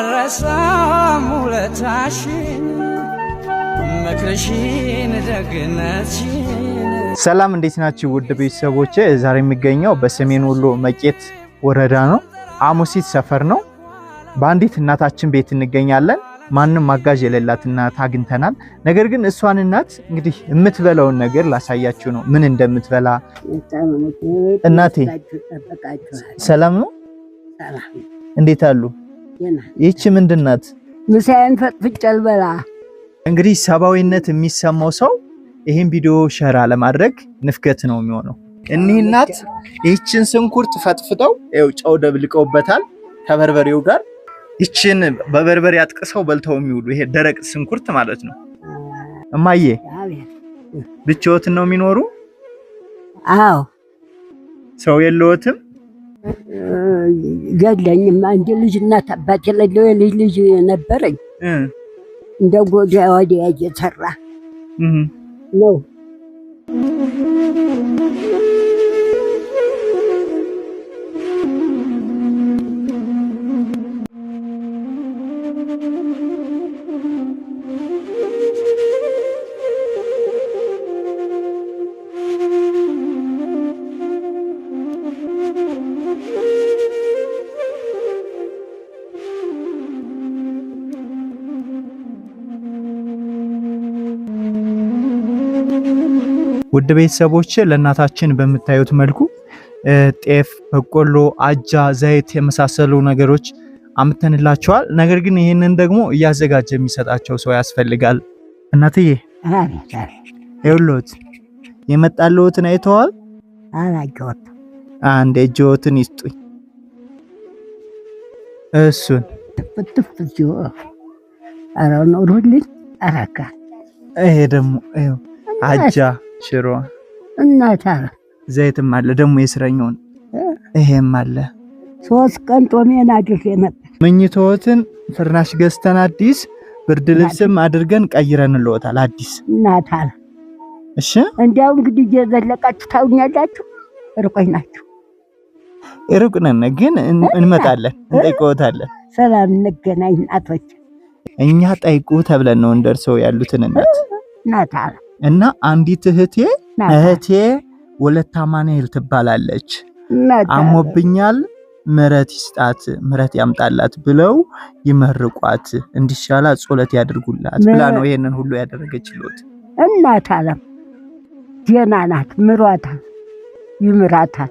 አልረሳም ውለታሽን ደግነትሽን። ሰላም እንዴት ናችሁ ውድ ቤተሰቦቼ? ዛሬ የሚገኘው በሰሜን ወሎ መቄት ወረዳ ነው፣ አሙሲት ሰፈር ነው። በአንዲት እናታችን ቤት እንገኛለን። ማንም ማጋዥ የሌላት እናት አግኝተናል። ነገር ግን እሷን እናት እንግዲህ የምትበላውን ነገር ላሳያችሁ ነው፣ ምን እንደምትበላ እናቴ። ሰላም ነው? እንዴት አሉ? ይቺ ምንድን ናት? ምሳዬን ፈጥፍጬ ልበላ። እንግዲህ ሰብአዊነት የሚሰማው ሰው ይህን ቪዲዮ ሸራ ለማድረግ ንፍገት ነው የሚሆነው። እኒህ እናት ይህችን ስንኩርት ፈጥፍጠው ው ጨው ደብልቀውበታል ከበርበሬው ጋር ይችን በበርበሬ አጥቅሰው በልተው የሚውሉ ይሄ ደረቅ ስንኩርት ማለት ነው። እማዬ ብቻዎትን ነው የሚኖሩ? አዎ ሰው የለዎትም? የለኝም። አንድ ልጅ እናት አባት የሌለው የልጅ ልጅ ነበረኝ። እንደ ጎዳ ወዲያ እየሰራ ነው። ውድ ቤተሰቦች ለእናታችን በምታዩት መልኩ ጤፍ፣ በቆሎ፣ አጃ፣ ዘይት የመሳሰሉ ነገሮች አምተንላቸዋል። ነገር ግን ይህንን ደግሞ እያዘጋጀ የሚሰጣቸው ሰው ያስፈልጋል። እናትዬ ይኸውልዎት የመጣልዎትን አይተዋል። አንድ እጅዎትን ይስጡኝ። እሱን ይሄ ደግሞ አጃ ሽሮ እና ታራ ዘይትም አለ ደግሞ የስረኛውን ይሄም አለ። ሶስት ቀን ጦሜን አድርጌ ነበር። ምኝቶትን ፍርናሽ ገዝተን አዲስ ብርድ ልብስም አድርገን ቀይረን ልወታል አዲስ እናታል። እሺ እንዲያው እንግዲህ እየዘለቃችሁ ታውኛላችሁ። ርቆኝ ናችሁ። ሩቅ ግን እንመጣለን፣ እንጠይቅዎታለን። ሰላም እንገናኝ እናቶች። እኛ ጠይቁ ተብለን ነው እንደርሰው ያሉትን እናት እናታል እና አንዲት እህቴ እህቴ ወለታ ማንኤል ትባላለች አሞብኛል ምረት ይስጣት ምረት ያምጣላት ብለው ይመርቋት እንዲሻላ ጸሎት ያድርጉላት ብላ ነው ይሄንን ሁሉ ያደረገችሎት። እናት አለም ዜና ናት፣ ምሯታል፣ ይምራታል።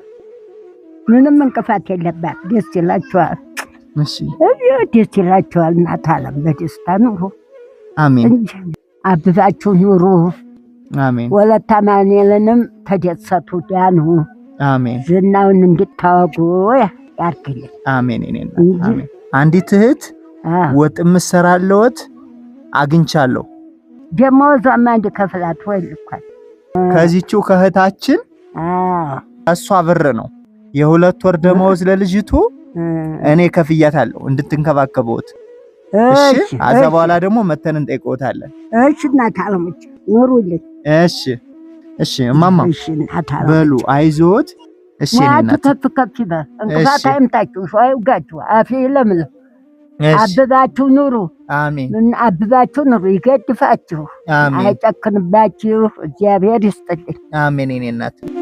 ምንም እንቅፋት የለባት። ደስ ይላቸዋል፣ ደስ ይላቸዋል። እናት አለም በደስታ ኑሩ። አሜን። አብባችሁ ኑሩ። አሜን። ወለተ ማንኤልንም ተደሰቱ ዳኑ። አሜን። ዝናውን እንድታወጉ ያርግልን። አሜን። እኔና አሜን። አንዲት እህት ወጥ የምሰራለወት አግኝቻለሁ። ደሞ አንድ ከፍላት ወይ ልኳል። ከዚችው ከእህታችን እሷ ብር ነው የሁለት ወር ደመወዝ ለልጅቱ እኔ ከፍያታለሁ እንድትንከባከበውት። እሺ፣ አዛ በኋላ ደግሞ መተን እንጠይቀውታለን። እሺ፣ እናት አለሙች ኑሩልን። እሺ፣ እሺ እማማ በሉ አይዞት። እሺ እኔና ከፍ ከፍ ይበል። እንቅፋት አይምጣችሁ፣ ሸዋ ይውጋችሁ፣ አፌ ለምለም። አብባችሁ ኑሩ። አሜን። አብባችሁ ኑሩ። ይገድፋችሁ፣ አይጨክንባችሁ። እግዚአብሔር ይስጥልኝ። አሜን። እኔ እናት